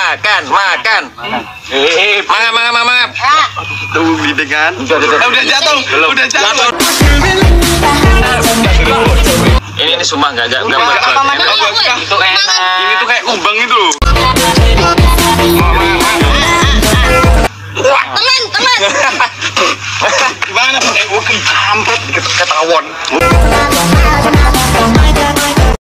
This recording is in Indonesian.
makan, makan. Eh, manga, manga, manga. Tuh, dengan. Udah jatuh, udah jatuh. Ini ini sumpah enggak enggak enggak buat. Itu enak. Ini tuh kayak kumbang itu Teman, teman. Gimana pakai uki kampret ketawon.